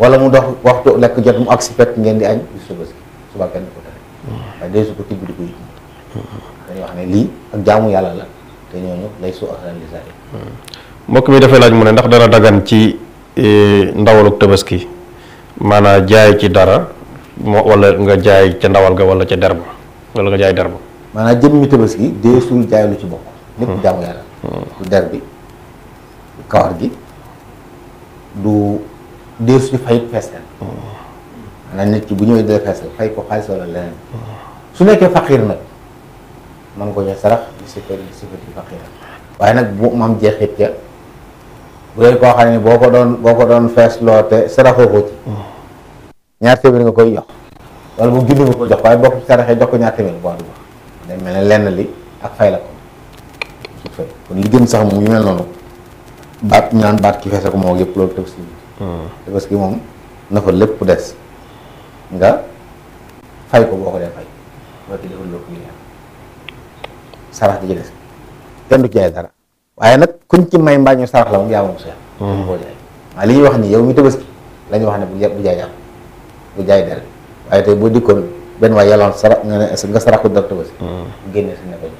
wala mu dox waxtu jot ngeen di añ bis suba ne lii ak jaamu yàlla la te mbokk mi defee laaj mu ne ndax dana dagan ci e, ndawaluk tabaski maanaam jaay ci dara moo wala nga jaay ca ndawal ga wala ca derba wala nga jaay derba maanaam jëmmi tabaski dee sul jaay lu ci bokk hmm. lépp jaamu yàlla du der bi kawar gi du dee su ci fay feesal hmm. maanaam nit ki bu ñëwee dee feesal fay ko xaalis wala leneen su nekkee faqiir nag man ko jox sarax sifari sifati waaye nag bu moom jeexit ja bu dee koo xam ne boo ko doon boo ko doon fees loo te saraxoo ko ci mm. ñaar téeméer nga koy jox wala bu junni nga ko jox waaye boo ko saraxee jox ko ñaar téeméer boo du jox day mel ne lenn li ak fay la ko li gën sax moom yu mel noonu baat ñu baat ki feese ko moo yëpp loolu tabaski mm. tabaski moom na fa lépp des nga fay ko boo ko dee fay sarax di ci des kenn du jaay dara waaye nag kuñ ci may mbaa ñu sarax la moom yaa moom mm-hmm. sa waaye li ñuy wax ni yow mi tabaski la ñuy wax ne bu jaay yàpp bu waaye tey boo dikkoon benn waay yàlloon sarax nga ne nga saraxu dara tabaski mm-hmm. génne si ne bañ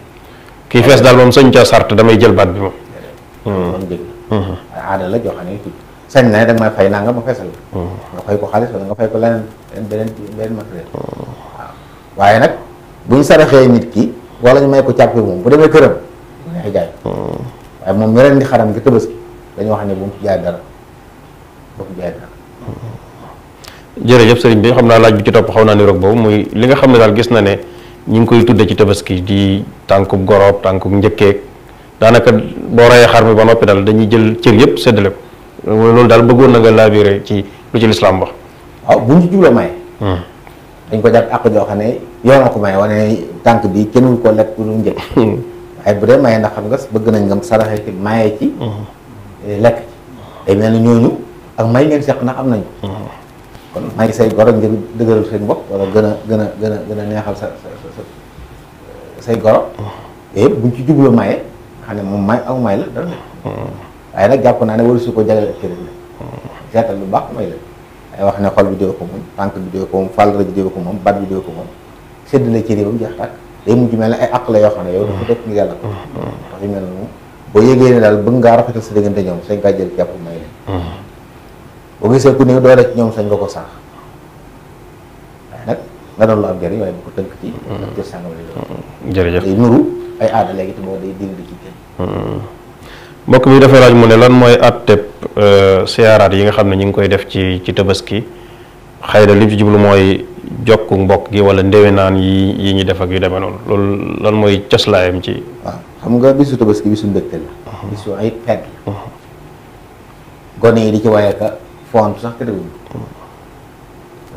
kii fees damay jël baat bi moom mm-hmm. la joo xam ne tudd sañ na ne da nga may fay naa nga waaye nag buñ saraxee nit ki wala ñu may ko càpp moom bu demee këram bu neexee jaay hmm. waaye dañu wax ne bu mu ci jaay hmm. bi xam naa laaj bi ci topp xaw naa ni boobu muy li xam ne daal gis na ne ñu ngi koy tudde ci tabaski di tànkub goroob tànkub njëkkeeg daanaka boo rayee xar mi ba noppi daal dañuy jël cër yëpp séddale ko loolu daal bëggoon na nga laabiré ci lu ci lislaam wax waaw bu ñu ci jubla may hmm. dañ ko jàpp àq joo xam ne yoon ko may wane tànk bi kenn ko lekk lu njëkk waaye bu dee maye ndax xam nga bëgg nañ nga saraxe ci maye ci lekk day mel ni ñooñu ak may ngeen seq ndax am nañ ko kon may say goro ngir dëgëral seen bopp wala gën a gën a gën a gën a neexal sa say goro yëpp buñ ci jublu maye xam ne moom may ak may la dara mm. waaye nag jàpp naa ne waru su ko jagleel ak keneen seetal lu baax may la wax ne xol bi dee ko moom tànk bi dee ko moom fàll bi ko moom bat bi dee ko moom sédd la cër yi ba mu jeex tàkk day mujj mel ne ay àq la yoo xam ne yow dafa def ngir yàlla ko mm-hmm. ndax mm-hmm. yu mel noonu boo yégee ne daal bëgg ngaa rafetal sa diggante ñoom sañ mm-hmm. boo gisee ku ne doole ci ñoom sañ nga ko saax waaye nag nga doon lu am jëriñ waaye bu ko tënk ci ak cër sàngam la jërëjëf day nuru ay aada léegi te boo day mbokk bi defee laaj mu ne lan mooy atteb euh, siyaaraat yi nga xam ne ñu ngi koy def ci ci tabaski xëy na li jublu mooy jokku mbokk gi wala ndewenaan yi yi ñuy def ak yu deme noonu loolu lan mooy coslaayam ci. waaw xam nga bisu tabaski bisu mbégte la. Uh-huh. bisu ay fête uh-huh. gone yi di ci waaye ka font sax terewul.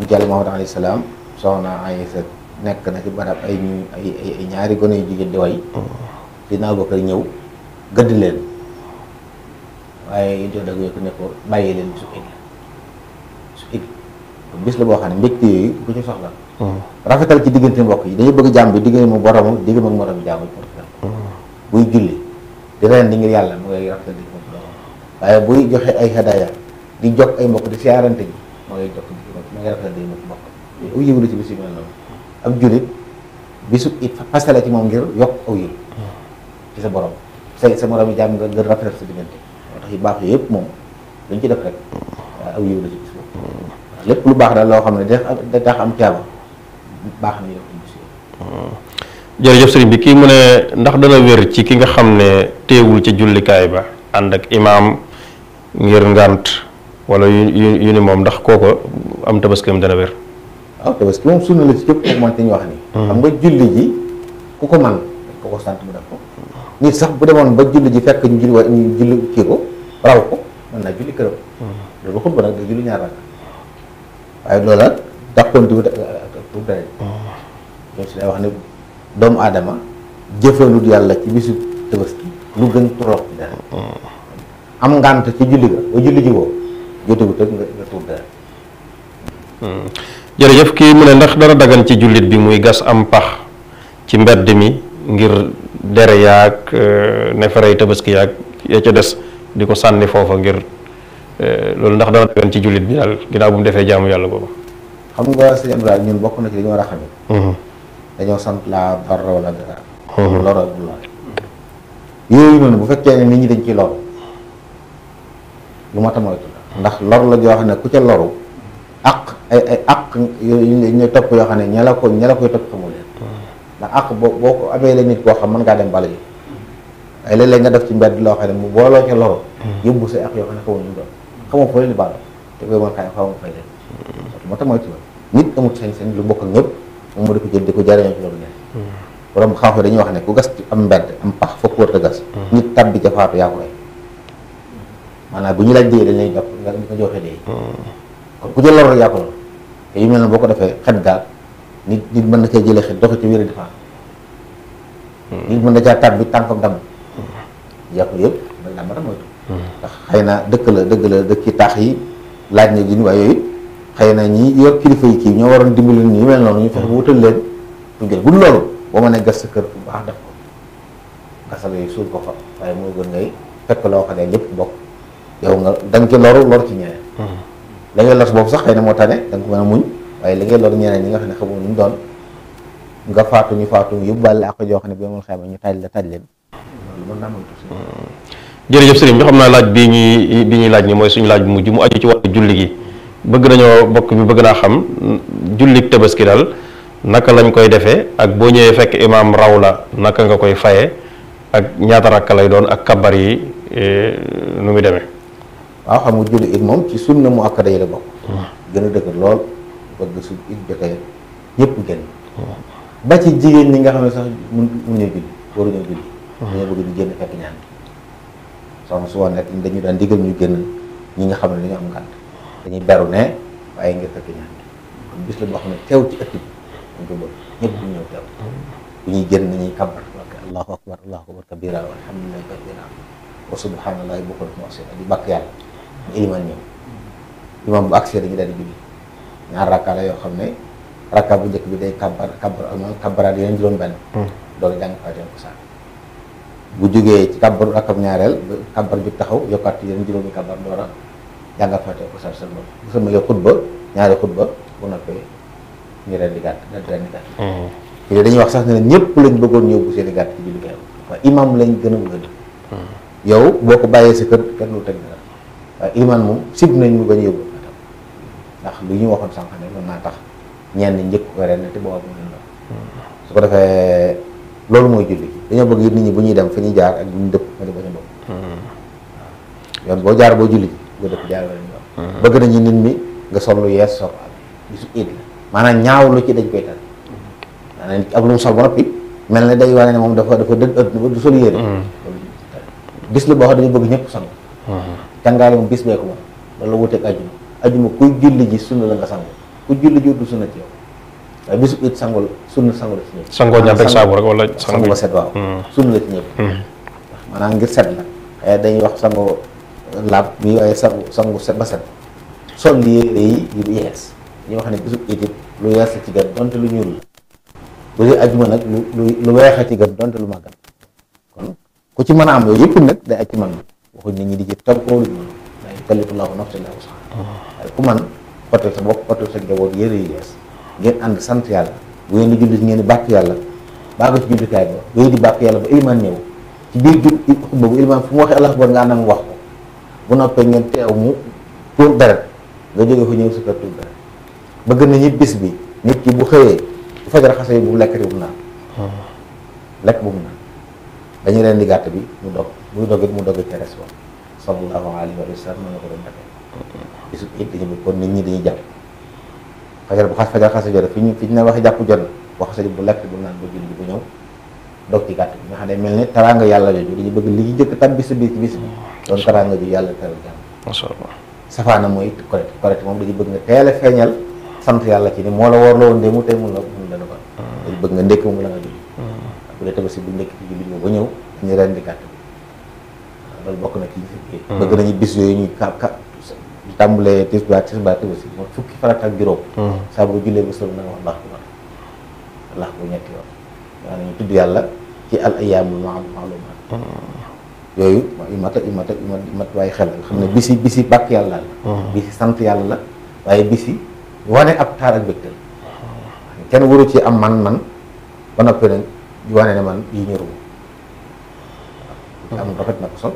Jalle Maodo alayhi salaam soxna Aysa nekk na ci barab ay ñaari gone yu jigéen di way. Uh-huh. dina Abubakar ñëw gëdd leen. waaye iddoo dag ko ne bis la boo xam ne mbégte yooyu bu ci soxla hmm. rafetal ci diggante mbokk yi dañu bëgg jàmm bi mu boroomu diggante mu moroom jàmm hmm. buy julli di di ngir yàlla mu ngay waaye buy joxe ay hadaya di jokk ay mbokk moo ngay jokk ci bis yu mel bisu it fasale ci moom ngir yokk aw hmm. ci sa borom sa sa moroom yi jàmm nga gën rafetal sa diggante yu baax yooyu yëpp moom dañ ci def rek lépp lu baax daal loo xam ne da tax am tiyaaba baax na yow gis hmm. jërëjëf bi kii mu ne ndax dana wér ci ki nga xam ne teewul ci jullikaay ba ànd ak imaam ngir ngànt wala yu yu ni moom ndax kooko am tabaskam dana wér waaw tabaski moom sunna la ci képp ko te ñu wax ni hmm. xam nga julli ji ku ko man nit sax bu demoon ba julli ji fekk ñu julli wa raw ko mën naa julli këram. Hmm. loolu waaye loolu nag dàqoon diw tuub dara aadama jëfanut yàlla ci hmm. ngànt ci julli ga hmm. kii mu ne ndax dara dagan ci jullit bi muy gas am pax ci mbedd mi ngir dere yaag euh, neefere yi tabaski yaag ya ca des di ko sànni foofa ngir eh, loolu ndax dana yoon ci jullit bi daal ginnaaw bu mu defee jaamu yàlla boobu. xam nga sëñ Abdoulaye ñun bokk na ci li ñu war a xamee. Mm-hmm. dañoo sant laa barra wala dara. Mm-hmm. lor ak yooyu noonu bu fekkee ne nit ñi dañ ci lor lu ma tamoy ndax lor la joo xam ne ku ca loru ak ay ay ak yu topp yoo xam ne ña la ko ña la koy topp xamul leen. Mm-hmm. ndax ak boo boo ko amee la nit koo xam mën ngaa dem bala yi. ay léeg nga def ci mbedd loo xam ne mu booloo ca loru hmm. yóbbu say ak yoo xam ne xamuñu doon xamoo foo leen di baalu te xaw ma fay leen moo tax ci nit amut lu bokk ak ñëpp ko jël di ko jariñoo ci hmm. dañuy wax ne gas am mbedd am pax fokk wër a gas hmm. bi ca faatu yaa maanaam bu ñu laaj déyee dañ lay jàpp nga ko ku jël loru yaa ko loolu te boo ko defee xet daal nit mën na cee jëlee xet doxe ci wér di faatu mën na caa bi tànkam damm yàqu yëpp ma naa mën a moytu hmm. ndax xëy na dëkk la dëgg la dëkki taax yi laaj na jin waaye yooyu xëy na ñi yor kilifa yi kii ñoo waroon dimbali ñu mel noonu ñu fexe ba wutal leen pour jël bu loolu boo mënee gas sa baax def ko gasal yooyu suul ko waaye moo gën ngay fekk loo xam ne lépp bokk yow nga da nga ci loru lor ci ñeneen hmm. la ngay lor boobu sax xëy na moo tane da nga ko mën a muñ waaye li ngay lor ñeneen ñi nga xam ne xamul nu mu doon nga faatu ñu faatu yóbbaale ak joo xam ñu taaj la jërëjëf sëriñ bi xam naa laaj bii ñuy bi ñuy laaj ni mooy suñu laaj bu mujj mu aju ci wàllu julli gi bëgg nañoo bokk bi bëgg naa xam jullig tabaski daal naka lañ koy defee ak boo ñëwee fekk imaam raw la naka nga koy faye ak ñaata rakk lay doon ak kabar yi eh, nu muy deme waaw ah, xam nga julli it moom ci sunna mu akkada yi la bokk hmm. gën a lool bëgg su it jotee ñëpp génn hmm. ba ci jigéen ñi nga xam ne sax mun muñu julli dañoo bëgg di génn fekk ñaan soxna su woon rek dañu daan digal ñu génn ñi nga xam ne dañu am ngànt dañuy beru ne waaye ngir fekk ñaan bis la boo xam ne teew ci ëtt bi dañ ko bëgg ñëpp duñ ñëw wa subhanallahi bukratan wa asila di bàkk yàlla ñu ilimaan ñëw imaam bu agsee dañu daal di julli yoo xam ne rakka bu njëkk bi day kabar kabar alman kabaraat yeneen juróom benn doolu jàng fatiha ko saar bu jógee ci kàbbaru rakab ñaareel kàbbar jóg taxaw yokkaat yeneen juróomi kàbbar door a jàngal fàtte ko sa sëlmal bu sëlmalee xutba ñaari xutba bu noppee ñu rendi gàtt rendi hmm. wax sax ne ñëpp lañ bëggoon ñëw bu seen i gàtt ci julli gaaw waaye imam lañ gën a hmm. gën yow boo ko bàyyee sa kër iman moom sib nañ mu bañ a yóbbu ndax lu ñu waxoon sànq ne mën naa tax ñenn njëkk ko ren te booba mu leen hmm. su ko defee loolu mooy julli dañoo bëgg nit ñi bu ñuy dem fi ñuy jaar ak bu ñu dëpp nga di bañ hmm. yoon boo jaar boo julli nga dëpp jaar la ñu hmm. bëgg nañu nit mi nga sol lu yees sol ak su iid ci dañ koy tal maanaam ak lu mu sol ba noppi mel ne day wane ne moom dafa dafa dëdd ëtt du sol yére hmm. bis la boo xam dañu bëgg ñëpp sang cangaay moom bis bee ko moom loolu la wuteeg ajjuma ajjuma kuy julli ji sunna la nga sang ku julli ji du sunna ci waaye bisu it sangul sunna sangu la ci ñëpp. sangoo ñaata saabu rek wala sangu ba set waaw. Hmm. sunna la ci ñëpp. Hmm. maanaam ngir set la xëy dañuy wax sangoo laab bi waaye sangu ba set sol li yi yu yees ñu wax ne bisu it lu yees la ci gën donte lu ñuul nag lu lu weex la ci gën donte lu màggal ku ci mën a am yooyu yëpp nag day aj ci man waxuñ nit ñi di ci togg ko lu ñu mën. waaye ku man xotteel sa bopp xotteel sa njaboot yére yu yees. ngeen ànd sant yàlla bu ngeen di julli si ngeen di bàkk yàlla baago ci jullikaay ba wéy di bàkk yàlla ba ilimaan ñëw ci biir ju xutba bu ilimaan fu mu waxee allah ba nga ànd ak mu wax ko bu noppee ngeen teew mu tuur deret nga jóge fa ñëw si kër tuur deret bëgg nañu bis bi nit ki bu xëyee bu fajar xase bu lekkati bu naan hmm. lekk bu mu naan dañu leen di gàtt bi mu dog muy dogit mu dogit ca res ba sallallahu alayhi wa sallam na ko doon defee hmm. bisub it nit ñi dañuy jàpp fajar bu xas fajar xas a fi ñu fi ñu ne waxi jàpp jot na boo xasee bu lekk bu naan ba julli bu ñëw dog ci gàtt bi nga xam ne mel ne taraanga yàlla jooju dañu li ñu jëkk tab bis bi bi doon taraanga ju yàlla mooy correct correct moom dañu bëgg nga teel a yàlla ci ni moo la woor la woon de mu tey mun la mun la ko dañu bëgg nga ndékk mu la nga julli hmm. bu dee tabaski bu ndékk ci julli ñëw ñëw ñu rendi gàtt bi loolu bokk na ci hmm. bëgg nañu bis yooyu ñuy tàmbalee tisbaar tisbaar tëbasi moom fukki farata ak juróom hmm. saa jullee ba sol na nga wax laax bu ñetti yoon maanaam ñu tudd yàlla ci al ayaamul maalumaat hmm. yooyu imata imata imat waaye xel nga xam ne hmm. bisi bisi bàkk yàlla la bisi sant yàlla la waaye bisi wane ab taar ak bégtal kenn waru ci am man man ba noppi nag wane ne man yi ñëruma am rafet na ko sol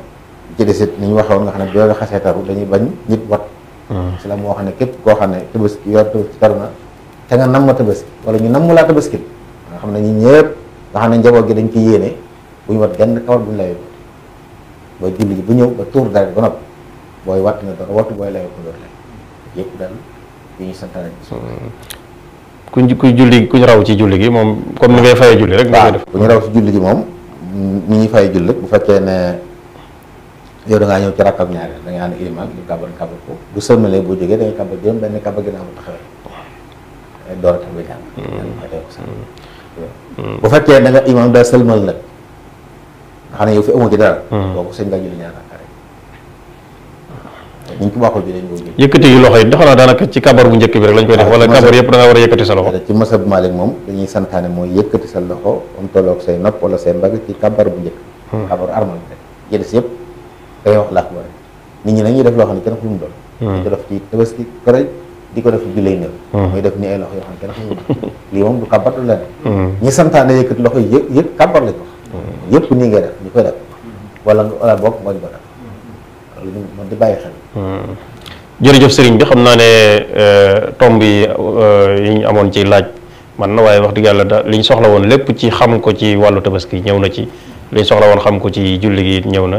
ci desit ni ñu waxoon nga xam ne boobu xasee taru dañuy bañ nit wat si hmm. la moo xam ne képp koo xam ne tabaski yor tabaski taru na te nga nam ma tabaski wala ñu nam mu laa tabaski nga xam ne ñi ñëpp nga xam ne njaboot gi dañ ci yéene bu ñu wat genn kawar bu ñu lay booy julli bu ñëw ba tuur dara ba noppi booy watt nga doon wattu booy layoo ko doon lay yëpp daal yi ñu ku hmm. ku julli ku ñu raw ci julli gi moom comme ni ngay fayee ñu raw ci gi moom mm, ni ñuy fayee julli rek bu fekkee ne. yow da ngaa ñëw ci rakkab ñaari da ngay ànd ko bu sëlmalee boo a tàmbali mm. mm. bu fekkee da nga imaam daa sëlmal nag nga xam ne yow fi amoo ci dara boobu mm. sëñ nga julli yëkkati yu loxo yi ndax naa daanaka ci kabar bu njëkk bi rek lañ koy def wala kabar yëpp da nga war a yëkkati sa loxo ci masab Maalik moom dañuy santaane mooy yëkkati sa loxo am tolloog say nopp wala say mbagg ci kabar bu njëkk kabaru armal rek yëpp da wax làkk ba nit ñi dañuy def loo xam ne kenn hmm. di ko def ci tabaski koraj di ko def bi lay néew. Hmm. mooy def ni ay loxo yoo xam ne kenn hmm. santaane yëkkati loxo yi yëpp yëpp ko. def ñu moom di bàyyi xel. jërëjëf sëriñ bi xam naa ne euh, tomb yi euh, yi ñu amoon ci laaj man na waaye wax dëgg yàlla da li soxla woon lépp ci xam ko ci wàllu tabaski ñëw na ci li soxla woon xam ko ci julli gi ñëw na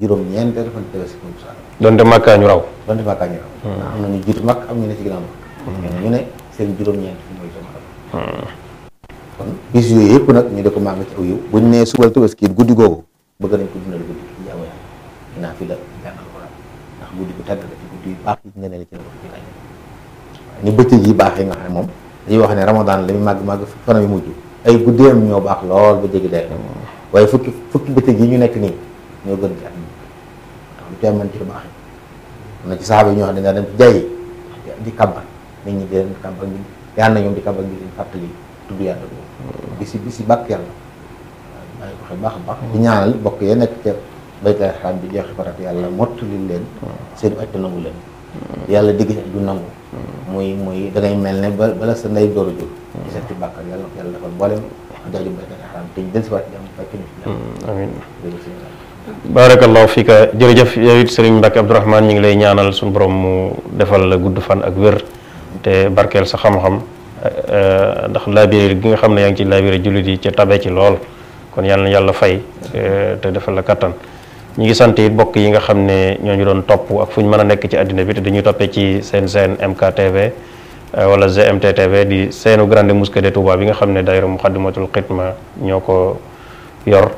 juróom ñeenteel fan tabaski moom sax donte màkkaa ñu raw donte màkkaa ñu raw ndax hmm. am na ñu jiitu mag am ñu ne ci ginnaaw mag ñu hmm. seen juróom-ñeent fi mooy sama hmm. kon bis yëpp nag ñu di ko màgg ci aw yiw buñ nee subal tabaski guddi googu bëgg nañ ko dundal guddi ci jaamu fi la bu tedd la ci guddi yu baax yi nga xam ne moom dañuy wax ne ramadan la muy màgg màgg fanam yu mujj ay guddeem ñoo baax lool ba jéggi day waaye fukki fukki bëccëg yi ñu nekk nii ñoo gën ci at te am ba ci lu baax am na ci saxaaba yi ñoo xam ne dañu dem ci jaay di kàmbal nit ñi di leen kàmbal ñu yàlla na ñoom di kàmbal ñu leen fàttali tudd yàlla boobu. bisi hmm. bisi bàkk yàlla baax a baax. Hmm. di ñaanal bokk ya nekk ca baytal xaram bi jeex farat yàlla mottali leen. Hmm. seen aj te nangu leen. yàlla digg du nangu. muy mooy dangay mel ne ba bala sa ndey door a jóg. di seeti bàkkaar yàlla yàlla defal mboolem jaajëf baytal xaram te ñu dellusiwaat jàmm fekk ñu. amiin. barakallahu fika jërëjëf yow it sëriñ Mbacke Abdourahmane ñu ngi lay ñaanal suñu borom mu defal la gudd fan ak wér te barkeel sa xam-xam eh, eh, ndax laabire gi nga xam ne yaa ngi ci laabire jullit yi ca tabe ci lool kon yàlla na yàlla fay eh, te defal la kattan ñu ngi sant yi bokk yi nga xam ne ñoo ñu doon topp ak fu ñu mën a nekk ci àddina bi te dañuy toppee ci seen seen MKTV wala GMT di seenu Grande Mosquée de Touba bi nga xam ne daayira Muxaddamatul Xidma ñoo ko yor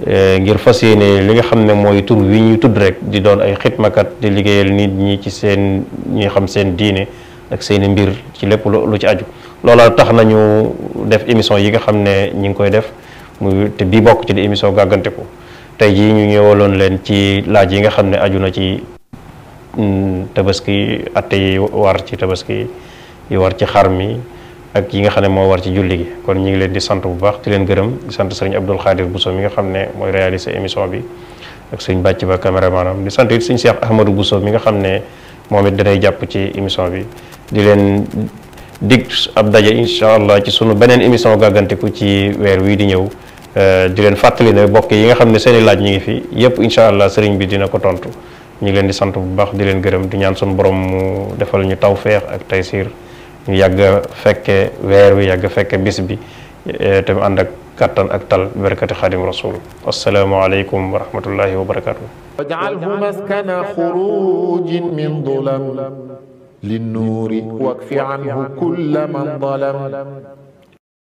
Euh, ngir fas yéene li nga xam ne mooy tur wi ñu tudd rek di doon ay xitmakat liggéeyal nit ñi ci seen ñi xam seen diine ak seen mbir ci lépp lu ci aju loola tax nañu def émission yi nga xam ne ñi ngi koy def muy te bii bokk ci di gàggante ko tey jii ñu ñëwaloon leen ci laaj yi nga xam ne aju na ci mm, tabaski ate yi war ci tabaski yi war ci xar mi ak yi nga xam ne moo war ci julli gi kon ñu ngi leen di sant bu baax di leen gërëm di sant sëriñ Abdul Xaadir Bousso mi nga xam ne mooy réaliser émission bi ak sëriñ bàcc ba caméramanam di sant it sëriñ Cheikh Ahmadou Bousso mi nga xam ne moom it danay jàpp ci émission bi di leen dig ab daje incha allah ci sunu beneen émission gàggantiku ci weer wii di ñëw euh, di leen fàttali ne bokk yi nga xam ne seeni laaj ñu ngi fi yépp incha allah sëriñ bi dina ko tontu ñu leen di sant bu baax di leen gërëm di ñaan sunu borom mu defal ñu tawféex ak taysiir ñu yàgg a fekke weer wi yàgg a fekke bis bi eh, te mu ànd ak kattan ak tal barkati xaadim rasul asalaamaaleykum wa rahmatullahi wa barakatuh waj'alhu maskana xurujin min dulam linnuuri wakfi anhu kulla man dalam